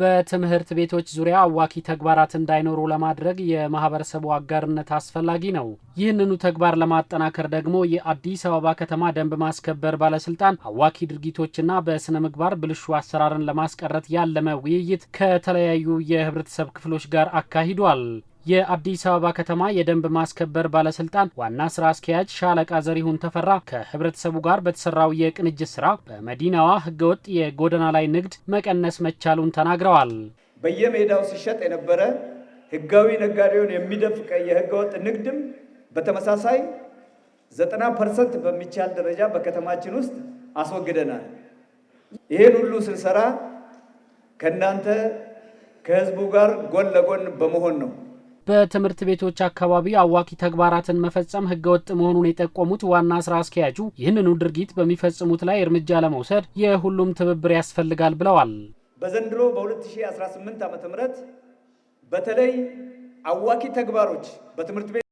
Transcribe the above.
በትምህርት ቤቶች ዙሪያ አዋኪ ተግባራት እንዳይኖሩ ለማድረግ የማህበረሰቡ አጋርነት አስፈላጊ ነው። ይህንኑ ተግባር ለማጠናከር ደግሞ የአዲስ አበባ ከተማ ደንብ ማስከበር ባለስልጣን አዋኪ ድርጊቶችና በስነ ምግባር ብልሹ አሰራርን ለማስቀረት ያለመ ውይይት ከተለያዩ የህብረተሰብ ክፍሎች ጋር አካሂዷል። የአዲስ አበባ ከተማ የደንብ ማስከበር ባለስልጣን ዋና ስራ አስኪያጅ ሻለቃ ዘሪሁን ተፈራ ከህብረተሰቡ ጋር በተሰራው የቅንጅት ስራ በመዲናዋ ህገወጥ የጎዳና ላይ ንግድ መቀነስ መቻሉን ተናግረዋል። በየሜዳው ሲሸጥ የነበረ ህጋዊ ነጋዴውን የሚደፍቅ የህገወጥ ንግድም በተመሳሳይ ዘጠና ፐርሰንት በሚቻል ደረጃ በከተማችን ውስጥ አስወግደናል። ይህን ሁሉ ስንሰራ ከእናንተ ከህዝቡ ጋር ጎን ለጎን በመሆን ነው። በትምህርት ቤቶች አካባቢ አዋኪ ተግባራትን መፈጸም ህገወጥ መሆኑን የጠቆሙት ዋና ስራ አስኪያጁ ይህንኑ ድርጊት በሚፈጽሙት ላይ እርምጃ ለመውሰድ የሁሉም ትብብር ያስፈልጋል ብለዋል። በዘንድሮ በ2018 ዓ ም በተለይ አዋኪ ተግባሮች በትምህርት ቤት